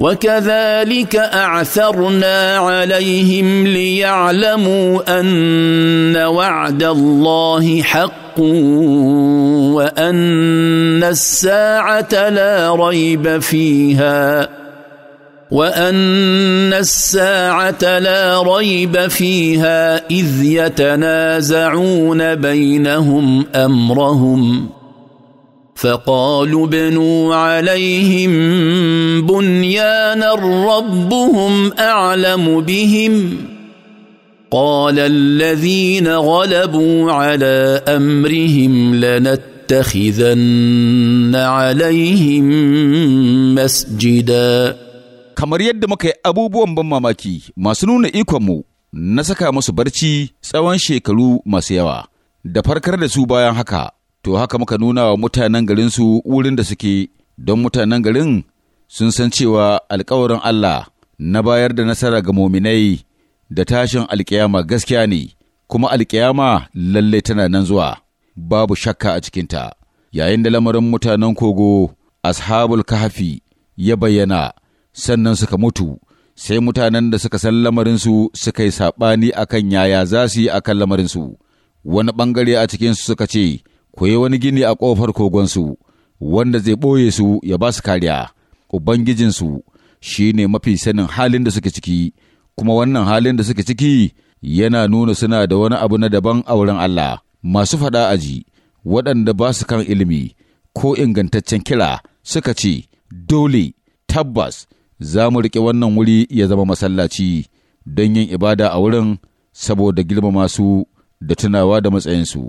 وكذلك اعثرنا عليهم ليعلموا ان وعد الله حق وان الساعه لا ريب فيها وان الساعه لا ريب فيها اذ يتنازعون بينهم امرهم فقالوا بنوا عليهم بنيانا ربهم اعلم بهم قال الذين غلبوا على امرهم لنتخذن عليهم مسجدا kamar yadda muka yi abubuwan ban mamaki masu nuna ikonmu na saka musu barci tsawon shekaru masu yawa da farkar da su bayan haka to haka muka nuna wa mutanen garinsu wurin da suke, don mutanen garin sun san cewa alkawarin Allah na bayar da nasara ga muminai, da tashin alkiyama gaskiya ne, kuma alkiyama lalle tana nan zuwa, babu shakka a cikinta, yayin da lamarin mutanen kogo, ashabul kahafi ya bayyana, sannan suka mutu. sai mutanen da suka san lamarinsu suka yi saɓani akan yaya za su yi a kan lamarinsu, wani ɓangare a cikinsu suka ce, ku yi wani gini a ƙofar kogonsu, wanda zai ɓoye su ya ba su kariya, Ubangijinsu shi ne mafi sanin halin da suke ciki, kuma wannan halin da suke ciki yana nuna suna da wani abu na daban a wurin Allah, masu faɗa aji, waɗanda ba su kan ilimi ko ingantaccen kira suka ce, dole, tabbas, za mu riƙe wannan wuri ya zama masallaci don yin ibada a wurin saboda girmama su da tunawa da matsayinsu.